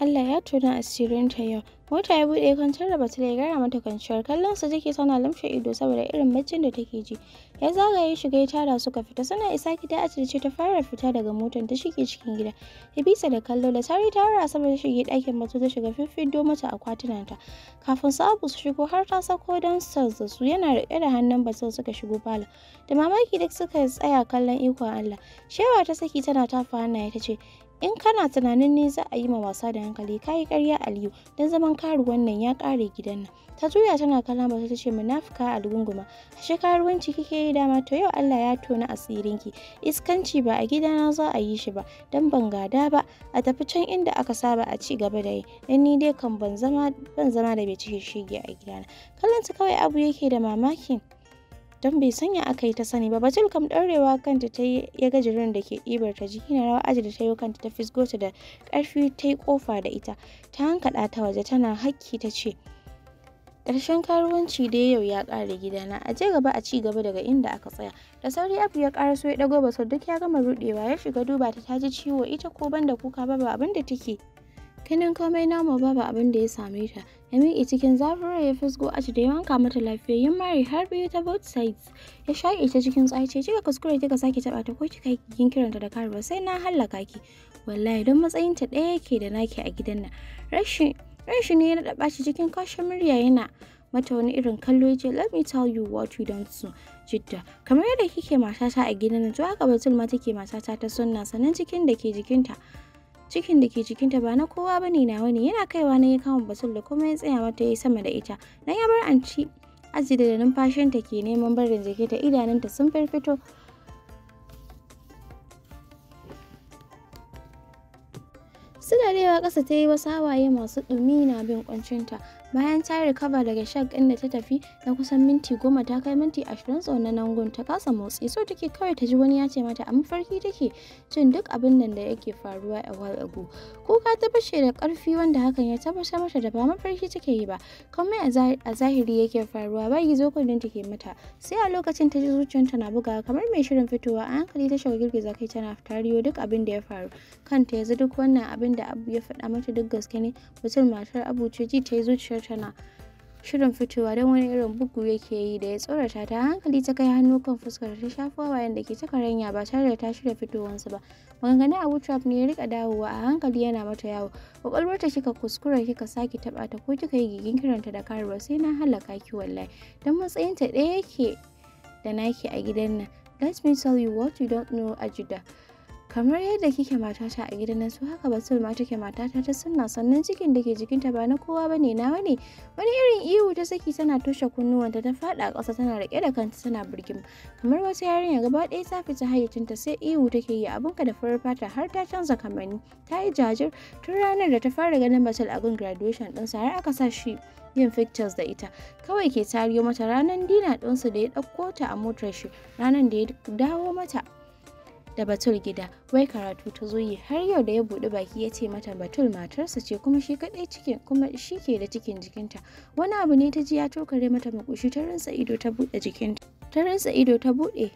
Allah ya tona asirinta yau. Mota ya buɗe kwantar da batula ya gara mata kwanciyar kallon su jiki tana lamshe ido saboda irin macin da take ji. Ya zagaye shiga ya tara suka fita suna isa gida asirce ta fara fita daga motar ta shige cikin gida. Ya bisa da kallo da sari ta wara saboda shige ɗakin batu ta shiga fiffido mata akwatunanta. Kafin su abu su shigo har ta sako don sassa su yana riƙe da hannun batul suka shigo falon. Da mamaki duk suka tsaya kallon ikon Allah. Shewa ta saki tana tafa hannaye ta ce in kana tunanin ne za a yi ma wasa da hankali kayi karya aliyu don zaman karuwan nan ya kare gidan nan ta juya tana kalamar ta ce munafuka a lunguma ashe Shekaruwanci kike yi dama to yau Allah ya tona asirin ki. iskanci ba a gidana za a yi shi ba don ban gada ba a tafi can inda aka saba a ci gaba da yi don ni dai kan ban zama da bai cike shige a gidana kallon kawai abu yake da mamakin don bai sanya aka yi ta sani ba bajil kam ɗaurewa kanta ta yi ya gaji jirin da ke ɗibar ta jiki na rawa aji da ta yi kanta ta fisgo ta da ƙarfi ta yi ƙofa da ita ta hankaɗa ta waje tana hakki ta ce ƙarshen karuwanci dai yau ya ƙare gidana a je gaba a ci gaba daga inda aka tsaya da sauri abu ya ƙara so ya ɗago ba duk ya gama ruɗewa ya shiga duba ta ji ciwo ita ko banda kuka ba abin da take ganin komai namu ba abin da ya same ta ya miƙe cikin zafirar ya fisgo aji da ya wanka mata lafiyayyun mari har biyu ta both sides ya shaƙe ta cikin tsaye ce kika kuskure kika sake taɓa ta ko kika yi kinkiranta da ba sai na hallaka ki wallahi don matsayin ta ɗaya ke da naki a gidan nan rashin ne ya naɗa ɓaci cikin kashin murya yana mata wani irin kallo ya let me tell you what you don't know jidda kamar yadda kike matata a gidan nan to haka batul ma take matata ta sunna sannan cikin da ke jikinta cikin da ke cikinta ba na kowa ba ne nawa ne yana kaiwa na ya kama basul da kuma ya tsaya mata ya yi sama da ita na ya bar an ci aji da numfashinta ke neman barin jikinta idanunta sun firfito suna da yawa ƙasa ta yi wasu hawaye masu ɗumi na bin ƙuncinta Bayan ta rikaba daga shak inda ta tafi na kusan minti goma ta kai minti ashirin tsaunanan gun ta kasa motsi so take kawai ta ji wani ya ce mata a mafarki take jin duk abin nan da yake faruwa a while ago. Kuka ta fashe da karfi wanda hakan ya tabbatar mata da ba mafarki take yi ba komai a zahiri yake faruwa ba yi gizo kullum take mata sai a lokacin ta ji zuciyarta na bugawa kamar mai shirin fitowa a hankali ta shiga girgiza kai tana tariyo duk abin da ya faru kanta yanzu duk wannan abin da ya faɗa mata duk gaske ne mutum matar abu ce ji ta yi zuciyar tana shirin fitowa don wani irin bugu yake yi da ya tsorata ta hankali ta kai hannu kan fuskar ta shafa wayan da ke ta ranya ba tare da ta shirya fitowansu ba maganganun abu trap ne ya rika dawowa a hankali yana mata yawo ta kika kuskura kika sake taba ta ko kika yi gigin kiranta da karuwa sai na halaka ki wallahi don matsayin ta ɗaya yake da naki a gidan nan let me tell you what you don't know ajida kamar yadda kike matata a gidan nan su haka batul ma take matata ta sunna sannan cikin da ke jikinta ba na kowa ne nawa ne wani irin ihu ta saki tana toshe kunnuwanta ta fada a kasa tana rike da kanta tana birgim kamar wata yarinya gaba ɗaya ta fita hayyacinta sai ihu take yi ka da farar fata har ta canza kamani ta yi jajir tun ranar da ta fara ganin batal a gun graduation sa har aka sa shi yin pictures da ita kawai ke tariyo mata ranar dina ɗinsu da ya ɗauko ta a motar shi ranar da ya dawo mata da Batul gida wai karatu ta zo yi har yau da ya buɗe baki ya ce mata Batul matarsa ce kuma shi kaɗai cikin kuma shi ke da cikin jikinta wani abu ne ta ji ya tokare mata makushi ta rinsa ido ta buɗe jikinta ta rinsa ido ta buɗe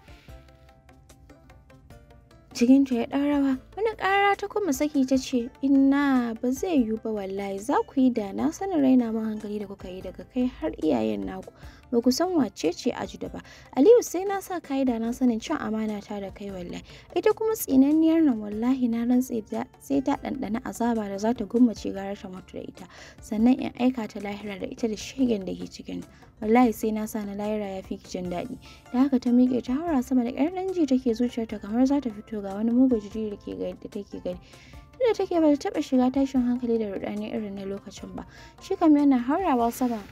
cikinta ya ɗan rawa wani ƙara ta kuma saki ta ce inna ba zai yiwu ba wallahi za ku yi da na sanin raina man hankali da kuka yi daga kai har iyayen naku ba ku san wace ce da ba aliyu sai na sa kayi da na sanin cin amana ta da kai wallahi ita kuma tsinanniyar nan wallahi na rantse sai ta ɗanɗana azaba da za ta gummace gara ta mutu da ita sannan in aika ta lahira da ita da shegen da ke cikin wallahi sai na sa na lahira ya fi jin daɗi da haka ta miƙe ta haura sama da ƙyar ɗan ji take zuciyarta kamar za ta fito ga wani mugun jiri da ke ga yadda take gani da take bata taɓa shiga tashin hankali da rudani irin na lokacin ba shi kam yana haurawa sama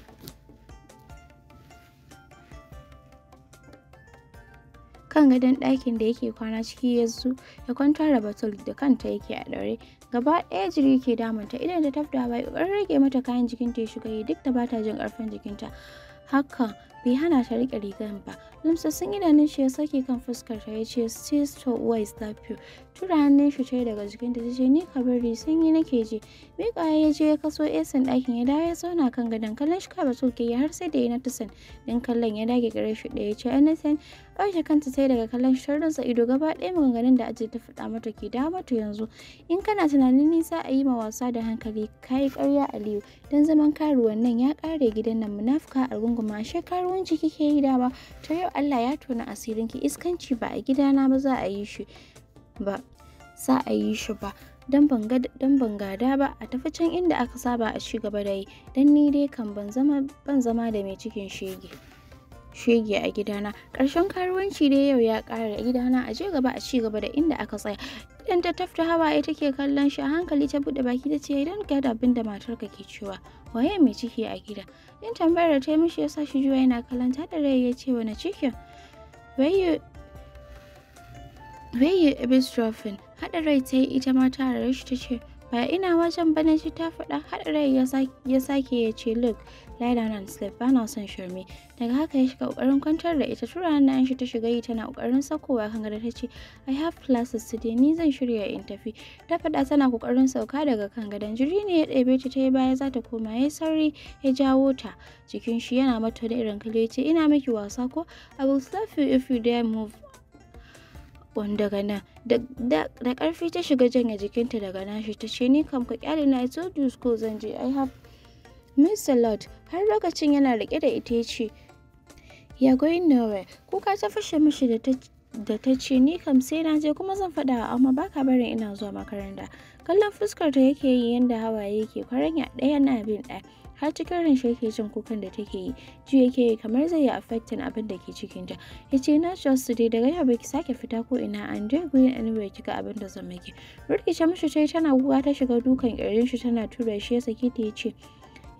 kan gadon ɗakin da yake kwana ciki ya zu ya kwanta da batul da kanta yake a ɗaure gaba ɗaya jiri ke damunta idan ta tafda bai ƙoƙarin rage mata kayan jikinta ya shiga yi duk da bata jin ƙarfin jikinta haka bai hana ta riƙe rigan ba yi idanun shi ya sake kan fuskar ta ya ce stay so wise tura hannun shi yi daga jikin ta ce ni ka bari sanyi nake ji miƙa ya je ya kaso esan dakin ya dawo ya zauna kan gadon kallon shi kaba soke ya har sai da ya tasan din kallon ya dage gare shi ɗaya ce anything ɗauke kanta sai daga kallon sharrin sa ido gaba ɗaya maganganun da aje ta faɗa mata ke da mata yanzu in kana tunanin ni za a yi ma wasa da hankali kayi ƙarya aliyu dan zaman karuwan nan ya ƙare gidan nan munafuka a rungumar shekaru karuwanci kike yi dama ta yau Allah ya tona asirinki iskanci ba a gidana ba za a yi shi ba za a yi shi ba don ban gada ba a tafi can inda aka saba a ci gaba da yi don ni dai kan ban zama da mai cikin shege shege a gidana ƙarshen karuwanci dai yau ya ƙara a gidana a je gaba a ci gaba da inda aka tsaya yadda ta tafta hawaye take kallon shi a hankali ta bude baki ta ce idan ka da abin da matarka ke cewa waye mai ciki a gida in tambayar da ta yi mishi ya shi juya yana kallon ta da rai ya ce wani cikin wayo wayo strofin haɗa rai ta yi ita ma ta rarar ta ce ba ina wajen bane shi ta faɗa haɗa rai ya sake ya ce look lie down and sleep shirme daga haka ya shiga ƙoƙarin kwantar da ita tura na shi ta shiga yi tana ƙoƙarin sakowa kan gada ta ce i have classes today ni zan shirya in tafi ta faɗa tana ƙoƙarin sauka daga kan gadon jiri ne ya ɗebe ta ta yi baya za ta koma ya sauri ya jawo ta jikin shi yana mata da irin kalle ce ina miki wasa ko i will slap you if you dare move wanda daga nan da karfi ta shiga janya jikinta daga nashi ta ce ni kam ka kyale na so to school zan je i have miss a lot har lokacin yana rike da ita ce ya goyi nowhere kuka ta fashe mishi da ta da ce ni kam sai na je kuma zan faɗa amma baka barin ina zuwa makaranta kallon fuskar ta yake yi yanda hawaye yake kwaranya ɗaya na bin ɗaya har cikin ran yake jin kukan da take yi ji yake kamar zai yi affecting abin da ke cikin ta yace na just today daga yau ki sake fita ko ina an je gurin anywhere kika abin da zan miki rikice mishi tai tana guwa ta shiga dukan irin shi tana tura shi ya sake ta ya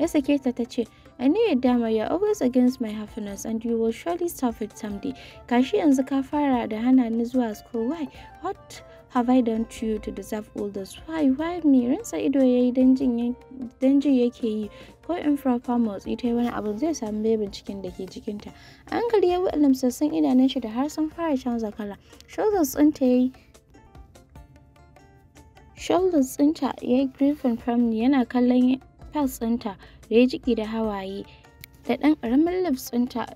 ya sake ta ta ce I knew it dama you're always against my happiness and you will surely suffer someday. Kashi yanzu ka fara da hana ni zuwa school why? What have I done to you to deserve all this? Why, why me? Rinsa ido ya yi don yake yi ko in frafa motsi ta wani abu zai samu bebin cikin da ke jikinta. An gari ya lamsassun idanun shi da har sun fara canza kala. Shoulders ɗinta ya yi Shoulders griffin family yana kallon pals ɗinta da ya jiki da hawaye da ɗan ƙaramin lips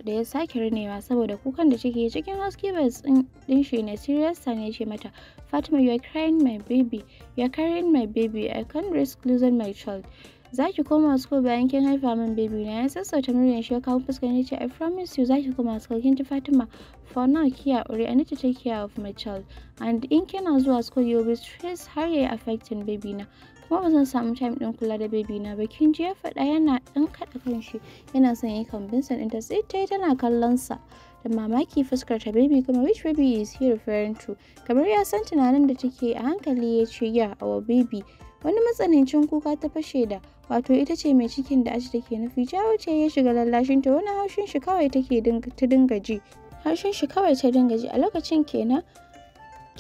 da ya sake rinewa saboda kukan da take cikin husky voice ɗin shi ne serious ta ce mata Fatima you are crying my baby you are carrying my baby I can't risk losing my child za ki koma school bayan kin haifa min baby na ya sassauta muryar shi ya kawo fuskar ya ce I promise you za ki koma school kin ji Fatima for now kiya ori I need to take care of my child and in kina zuwa school you will be stressed har ya yi affecting baby na kuma ba zan samu time ɗin kula da baby na ba kin ji ya faɗa yana ɗan kaɗa kan shi yana son yi convincing ɗinta sai ta yi tana kallon sa da mamaki fuskar ta baby kuma which baby is he referring to kamar ya san tunanin da take a hankali ya ce ya our baby wani matsanancin kuka ta fashe da wato ita ce mai cikin da aji take nufi jawo ce ya shiga lallashin ta wani haushin shi kawai take ta dinga ji haushin shi kawai ta dinga ji a lokacin kenan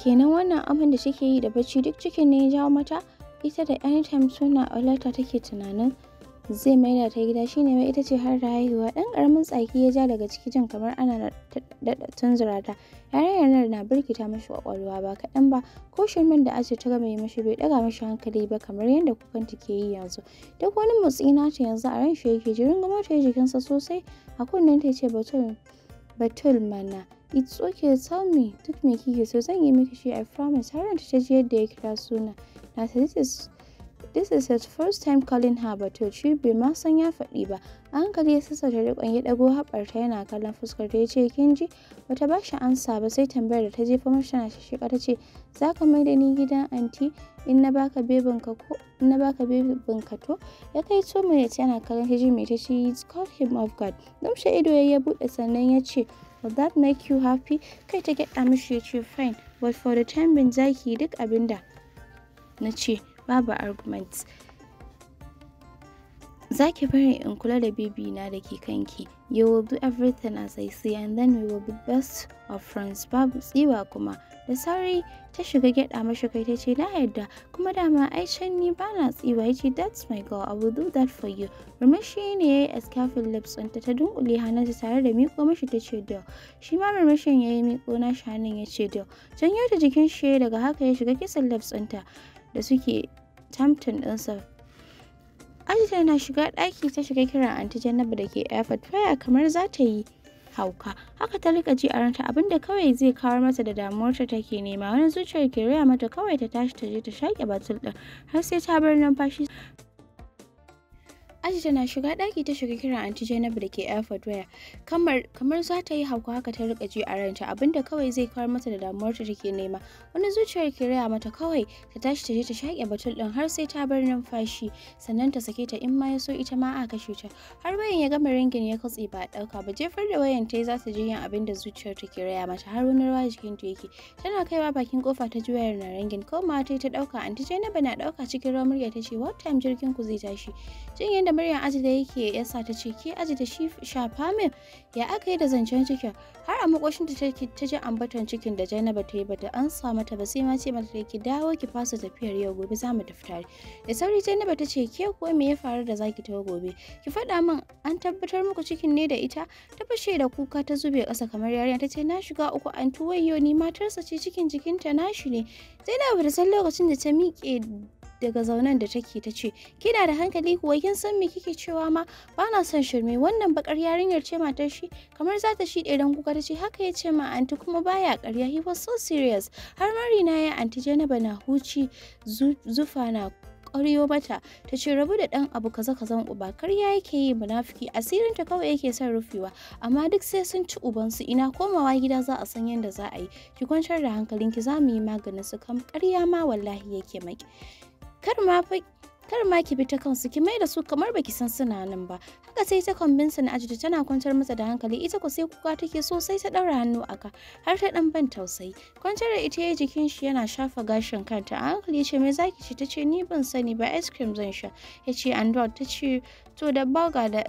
kenan wannan abin da take yi da bacci duk cikin ne ya jawo mata ita da anytime suna olata take tunanin zai maida ta gida shine mai ita ce har da haihuwa dan karamin tsaki ya ja daga ciki jin kamar ana daɗa tunzura ta yarinyar nan na birkita mashi kwakwalwa ba kaɗan ba ko shirmin da ace ta gama yi mashi bai daga mashi hankali ba kamar yadda kukanta ke yi yanzu duk wani motsi na ta yanzu a ran shi yake jirin gama ta jikinsa sosai a kunnen ta ce batul batul mana it's okay tell me duk me kike so zan yi miki shi i promise har ta ji yadda ya kira suna na this is This is his first time calling her but she bai ma san ya faɗi ba. A hankali ya sassauta riƙon ya ɗago haɓarta yana kallon fuskar ta ya ce kin ji bata ba shi ansa ba sai tambayar da ta jefa mashi tana shishika ta ce za ka mai da ni gidan anti in na baka bebin ka ko in na baka bebin ka to ya kai mai ta yana kallon ta ji mai ta ce called him of guard. Damshe ido ya buɗe sannan ya ce will that make you happy kai ta gyaɗa mashi ya ce fine but for the time being za ki duk abinda. nace na ce babu argument zaki ki bari in kula da baby na da ke kanki you will do everything as I say and then we will be best of friends babu tsiwa kuma da sauri ta shiga gyaɗa mashi kai ta ce na yarda kuma dama ai can ni ba na tsiwa ya ce that's my girl I will do that for you murmushi ne ya yi escafin lips ɗinta ta dunkule hannunta tare da miƙo mashi ta ce da shi ma murmushin ya yi miƙo na hannun ya ce da janyo ta jikin shi daga haka ya shiga kisan lips ɗinta da suke tamton ɗinsa ajita na shiga ɗaki ta shiga kiran anti Jannaba da ke airport fire kamar za ta yi hauka haka ta rika ji a ranta abinda kawai zai kawar mata da damuwarta take nema wani zuciyar ke raya mata kawai ta tashi ta je ta shaƙe batul ɗin har sai ta bar numfashi Aji tana shiga ɗaki ta shiga kiran anti da ke airport waya. Kamar kamar za ta yi hauka haka ta rika ji a ranta abinda kawai zai kawar mata da damuwar ta take nema. Wani zuciyar ke raya mata kawai ta tashi ta je ta shaƙe batul ɗin har sai ta bar numfashi sannan ta sake ta in ma ya so ita ma a kashe ta. Har wayan ya gama ringin ya katse ba a ɗauka ba jefar da wayan ta yi za ta je yin abin da zuciyar ke raya mata har wani rawa jikin ta yake. Tana kaiwa bakin kofa ta ji wayar na ringin ko ma ta ta ɗauka anti na ɗauka cikin ramurya ta ce what time jirgin ku zai tashi. Jin yadda da muryar da yake yasa ta ce ke ajida shi shafa min ya aka yi da zancen cikin har a makoshin ta ta ji ambaton cikin da Jainaba ta yi bata an sa mata ba sai ma ce mata ki dawo ki fasa tafiyar yau gobe za mu tafi tare da sauri Jainaba ta ce ke ko me ya faru da zaki ta gobe ki faɗa min an tabbatar muku cikin ne da ita ta fashe da kuka ta zube ƙasa kamar yarinya ta ce na shiga uku an tuwayyo ni matarsa ce cikin jikinta nashi ne zai na ta san lokacin da ta miƙe daga zaunen da take ta ce kina da hankali kuwa kin san me kike cewa ma ba na son shirme wannan bakar yarinyar ce matar shi kamar za ta shiɗe dan kuka ta ce haka ya ce ma anti kuma baya ƙarya he was so serious har mari na ya anti Janaba na huci zufa na ƙwaryo mata ta ce rabu da ɗan abu kaza kazan uba karya yake yi munafiki asirin ta kawai yake son rufewa amma duk sai sun ci ubansu ina komawa gida za a san yadda za a yi ki kwantar da hankalinki za mu yi maganin su kam karya ma wallahi yake maki kar ma kar ki bi ta kansu ki mai da su kamar baki san suna nan ba haka sai ta kwambinsa na ajiyar tana kwantar masa da hankali ita ko sai kuka take sosai ta ɗaura hannu a har ta ɗan ban tausayi kwantar da ita ya jikin shi yana shafa gashin kanta a hankali ce me zaki ce ta ce ni ban sani ba ice cream zan sha ya ce android ta ce to da burger da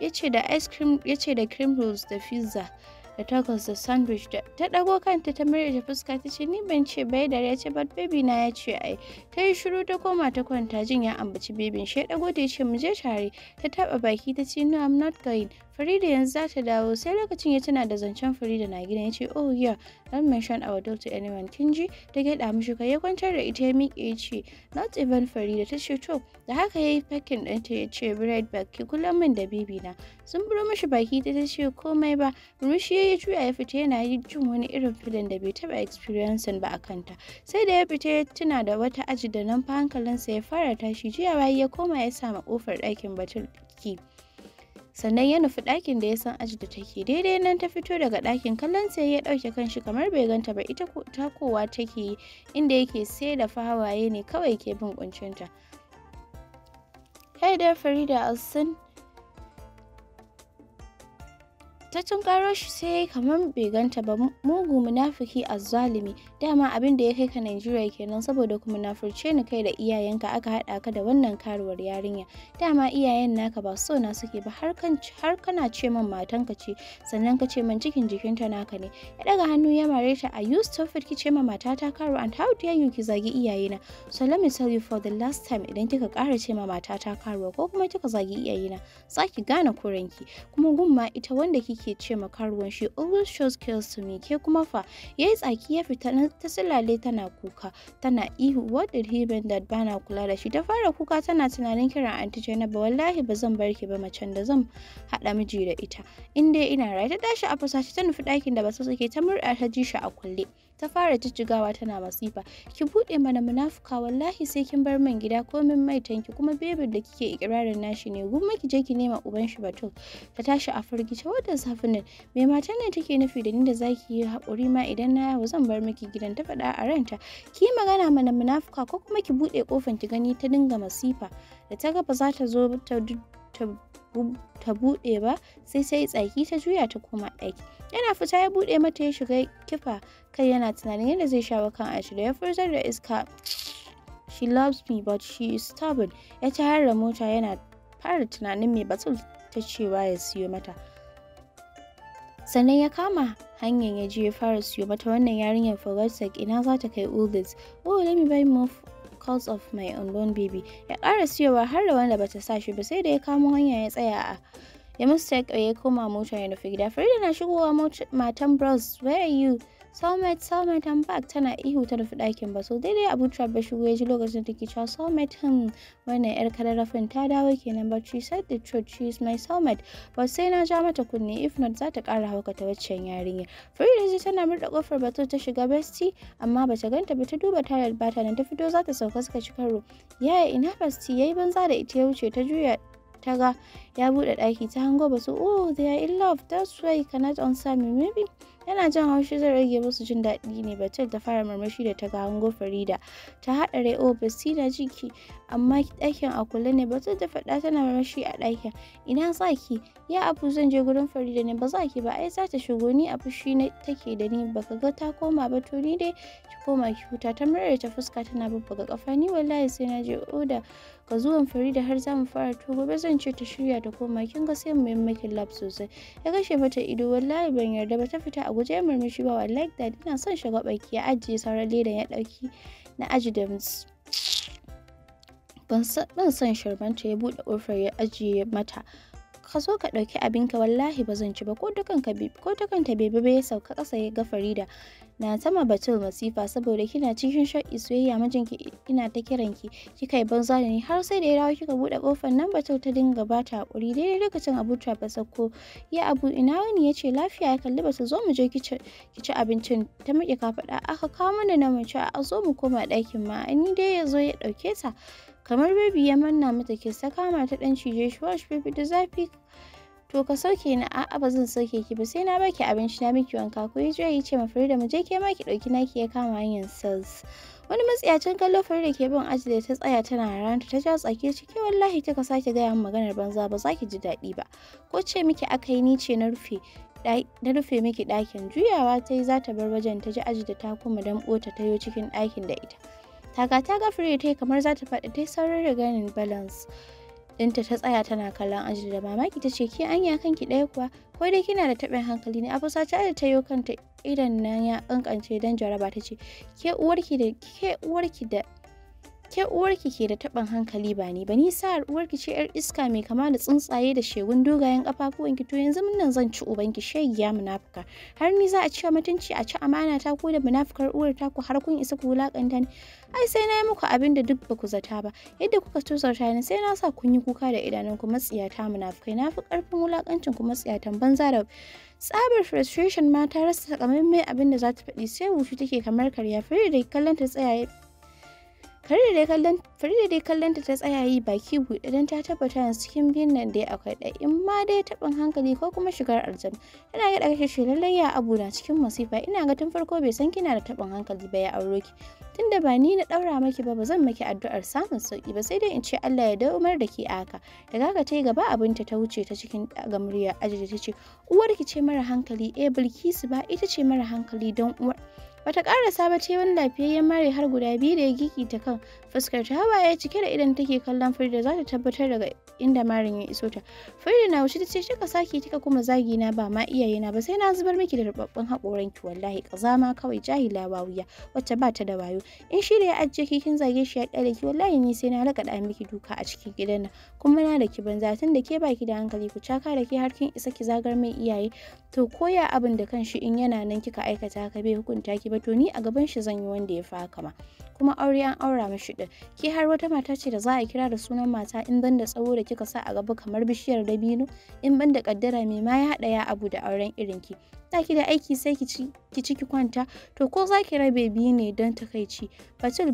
ya ce da ice cream ya ce da cream rolls da pizza da takwas da sandwich da ta ɗago kanta ta murya fuska ta ce ni ban ce bai da ya ce but baby na ya ce ai ta yi shiru ta koma ta kwanta jin ya ambaci babin shi ɗago ya ce mu je tare ta taɓa baki ta ce no I'm not going Farida yanzu za ta dawo sai lokacin ya tana da zancen Farida na gidan ya ce oh yeah don mention our dog to anyone kin ji ta gyaɗa mishi kai ya kwantar da ita ya miƙe ya ce not even Farida ta ce to da haka ya yi fakin ɗinta ya ce bread bag ki kula min da bibi na sun buro mashi baki ta ce komai ba rushi ya juya ya fita yana yi jin wani irin filin da bai taba experiencing ba a kanta sai da ya fita ya tuna da wata aji da nan fa hankalinsa ya fara tashi jiya bayi ya koma ya samu kofar ɗakin batul sannan ya nufi ɗakin da ya san aji da take daidai nan ta fito daga ɗakin kallon sai ya ɗauke kanshi kamar bai ganta ba ita ta kowa take yi inda yake sai da hawaye ne kawai ke bin kuncinta kai da farida alsin ta tunkaro shi sai kamar bai ganta ba mugu munafiki zalimi dama abin da ya kai ka Najeriya kenan saboda kuma na furce ni kai da iyayenka aka haɗa ka da wannan karuwar yarinya dama iyayen naka ba so na suke ba har kan har kana ce min matanka ce sannan ka ce min cikin jikinta naka ne ya daga hannu ya mare ta a you stupid ki ce ma matata karu and how dare you ki zagi iyayena so let me tell you for the last time idan kika kara ce ma matata karuwa ko kuma kika zagi iyayena saki gane kuranki kuma gumma ita wanda kike yake ce makaruwan shi always oh, shows kills to me ke kuma fa yi tsaki ya fita ta silale tana kuka tana ihu what did he mean that bana kula da shi ta fara kuka tana tunanin kiran anti ba wallahi ba zan bar ki ba macen da zan haɗa miji da ita in dai ina rai ta tashi a fasashi ta nufi ɗakin da ba su suke ta murɗa ta ji shi a kulle ta fara jijjigawa tana masifa ki buɗe mana munafuka wallahi sai kin bar min gida komin mai tanki kuma bebin da kike ikirarin nashi ne gumma ki je ki nema uban shi batun ta tashi a firgice wadda safin nan me matan ne take nufi da ni da zaki yi hakuri ma idan na yawo zan bar miki gidan ta faɗa a ranta ki magana mana munafuka ko kuma ki buɗe kofan ki gani ta dinga masifa da ta ga ba za ta zo ta ta buɗe ba sai ta yi tsaki ta juya ta koma ɗaki yana fita ya buɗe mata ya shiga kifa kai yana tunanin yadda zai sha kan ashi da ya furzar da iska she loves me but she is stubborn ya ci da mota yana fara tunanin mai batul ta cewa ya siyo mata sannan ya kama hanyar ya je ya fara siyo mata wannan yarinyar for sake ina za ta kai all oh let me buy more calls of my unborn baby ya ƙara cewa har da wanda bata sa shi ba sai da ya kamo hanya ya tsaya a ya musta ya koma mota ya nufi gida farida na shigowa matan bros where are you Soulmate, soulmate, I'm back tana ihu ta rufe ɗakin ba so daidai abu trap ba shigo ya ji lokacin da take cewa soulmate hmm wannan yar kararrafin ta dawo kenan but she said the truth she is my soulmate but sai na ja mata kunne if not za ta ƙara haukata waccan yarinya. Farida ji tana murda kofar bato ta shiga besti amma ba ta ganta ba ta duba tayar bata nan ta fito za ta sauka suka ci karo. Yaya ina besti yayi banza da ita ya wuce ta juya ta ga ya buɗe ɗaki ta hango ba su oh they are in love that's why cannot answer me maybe yana jan haushi zai rage musu jin daɗi ne batul ta fara murmushi da ta ga hango farida ta haɗa oh, su na jiki amma ɗakin a kulle ne batul ta faɗa tana murmushi a ɗakin ina ki ya abu zan je gurin farida ne ba za ki ba ai za ta shigo ni a fushi na take da ni baka ga ta koma ba to ni dai ki koma ki huta ta murar ta fuska tana babbaga kafa ni wallahi sai na je oda ga zuwan Farida har zamu fara to gobe zan ce ta shirya ta koma kin ga sai mu yi lab sosai ya kashe mata ido wallahi ban yarda ba ta fita a guje murmushi ba like that ina son shiga baki ya ajiye sauran leda ya dauki na aji da ban san sharbanta ya bude kofar ya ajiye mata ka zo ka ɗauki abinka wallahi ba zan ci ba ko dukan ka ko dukan ta bebe bai sauka ƙasa ya ga Farida na sama batul masifa saboda kina cikin shauƙi soyayya mijinki ina ta kiranki kika yi banza ne? har sai da ya dawo kika buɗe ƙofar nan batul ta dinga ba ta haƙuri daidai lokacin Abu ta sako ya Abu ina wani ya ce lafiya ya kalli batul zo mu je ki ci abincin ta miƙe faɗa aka kawo mana na mace a zo mu koma ɗakin ma ni dai ya zo ya ɗauke ta kamar baby ya manna mata ke saka mata dan cije shi wash baby da zafi to ka sauke ni a'a ba zan sauke ki ba sai na baki abinci na miki wanka ko ya ya ce ma Farida mu je ke ma ki dauki naki ya kama hanyar sales wani matsiyacin kallo Farida ke bin aji da ta tsaya tana ranta ta ja tsake ce ke wallahi ka sake gaya min maganar banza ba zaki ji daɗi ba ko ce miki akai ni ce na rufe da rufe miki dakin juyawa ta yi za ta bar wajen ta ji aji da ta kuma damɓo bota tayo cikin ɗakin da ita taga ta taga free ta kamar za ta faɗi dai saurin regainin balance ɗinta ta tsaya tana kallon aji da mamaki ta ce ki ya kanki ɗaya kuwa ko dai kina da taɓin hankali ne a sace aji ta yo kanta idan na ya kankance don jaraba ta ce ke uwarki da ke uwarki da ke uwarki ke da taɓin hankali ba ni ba ni sa'ar uwarki ce yar iska mai kama da tsuntsaye da shegun dogayen ƙafafuwanki to yanzu nan zan ci ubanki ya munafuka har ni za a cewa mutunci a ci amana ta ko da munafukar uwar ta ku har kun isa ku wulaƙanta ni ai sai na yi muku abin da duk ba ku zata ba yadda kuka tuzarta ni sai na sa kun yi kuka da idanun ku matsiyata munafukai na fi ƙarfin wulaƙancin ku matsiyatan banza da tsabar frustration ma ta rasa takamaimai abin da za ta faɗi sai wushi take kamar karya fere da kallon ta tsaya Farida dai kallon ta ta tsaya yi baki buɗe don ta tabbata yanzu cikin biyun nan ya akwai ɗaya in ma dai taɓin hankali ko kuma shigar aljanna. Tana ga ɗaga shi lallai ya abu na cikin masifa ina ga tun farko bai san kina da taɓin hankali ba ya auro ki. Tunda ba ni na ɗaura maki ba ba zan maki addu'ar samun sauƙi ba sai dai in ce Allah ya daumar da ke aka da Daga ka ta yi gaba abinta ta wuce ta cikin ga murya ajiye ta ce uwarki ce mara hankali eh Bilkisu ba ita ce mara hankali don uwar. bata ƙarasa ba ce wani lafiyayyen mare har guda biyu da ya ta kan fuskar ta ya cike da idan take kallon Farida za ta tabbatar daga inda marin ya iso ta. Farida na wuce ta ce kika saki kika kuma zagi na ba ma iyaye na ba sai na zubar miki da rubabban hakoran ki wallahi kazama kawai jahila wawiya wacce ba ta da wayo. In shi da ya ajje ki kin zage shi ya kare ki wallahi ni sai na raka da miki duka a cikin gidan kuma na da ki banza tun da ke baki da hankali ku caka da ke har kin isa ki zagar mai iyaye to koya abin da kanshi in yana nan kika aikata ka bai hukunta ki ba to ni a gaban shi zan yi wanda ya faka ma kuma aure an aura mishi Abdul ki har wata mata ce da za a kira da sunan mata in ban da tsawo da kika sa a gaba kamar bishiyar dabino in ban da kaddara mai ma ya haɗa ya abu da auren irin ki ki da aiki sai ki ci ki kwanta to ko za ki rabe biyu ne don takaici Batul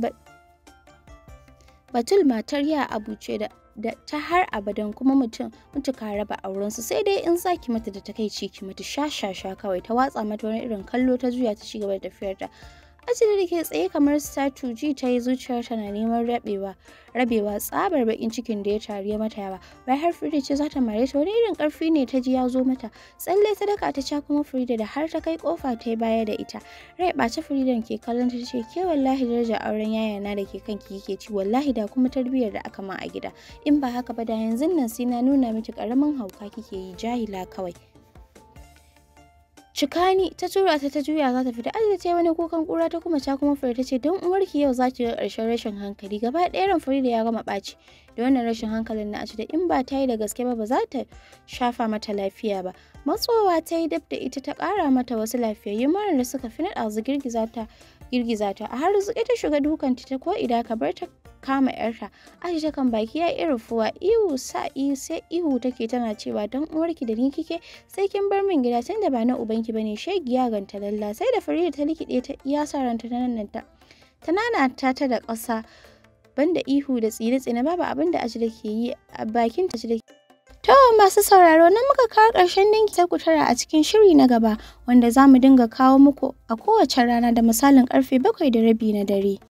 Batul matar ya abu ce da da ta har abadan kuma mutum mutuka raba aurensu sai dai in zaki mata da takaici ki mata sha sha sha kawai ta watsa mata wani irin kallo ta juya ta gaba da tafiyarta Ajiyar da ke tsaye kamar statu ji ta yi zuciyarta na neman rabewa, tsabar bakin cikin da ya tare mata yawa. bai har Frida ce za ta mare ta wani irin karfi ne ta ji ya zo mata. Tsalle ta daka ta ca kuma Frida da har ta kai kofa ta yi baya da ita. Rai bace firidan ke kallon ta ce ke wallahi daraja auren yayana da ke kanki yake ci wallahi da kuma tarbiyyar da aka ma a gida. In ba haka ba da yanzu nan sai na nuna miki karamin hauka kike yi jahila kawai. Cikani ta tura ta ta juya za ta fita Aisha ta yi wani kukan kura ta kuma ta kuma fure ta ce don uwarki yau za ki ga ƙarshen rashin hankali gaba ɗaya ran da ya gama ɓaci da wannan rashin hankalin na Da in ba ta yi da gaske ba ba za ta shafa mata lafiya ba matsowa ta yi dab da ita ta ƙara mata wasu lafiyayyun mara da suka fi naɗa girgiza ta girgiza ta a har zuke ta shiga dukanta ta ko ida ka bar ta kama yarta aji ta kan baki ya irin fuwa ihu sa'i sai ihu take tana cewa dan uwarki da ni kike sai kin bar min gida tunda ba na ubanki bane giya ganta lalla sai da farida ta likide ta iya sa ranta ta nan ta tanana ta ta da kasa banda ihu da tsire-tsire babu abin da aji da ke yi a bakin ta da ke To masu sauraro na muka kawo ƙarshen dangi ta kutara a cikin shiri na gaba wanda za mu dinga kawo muku a kowace rana da misalin ƙarfe bakwai da rabi na dare.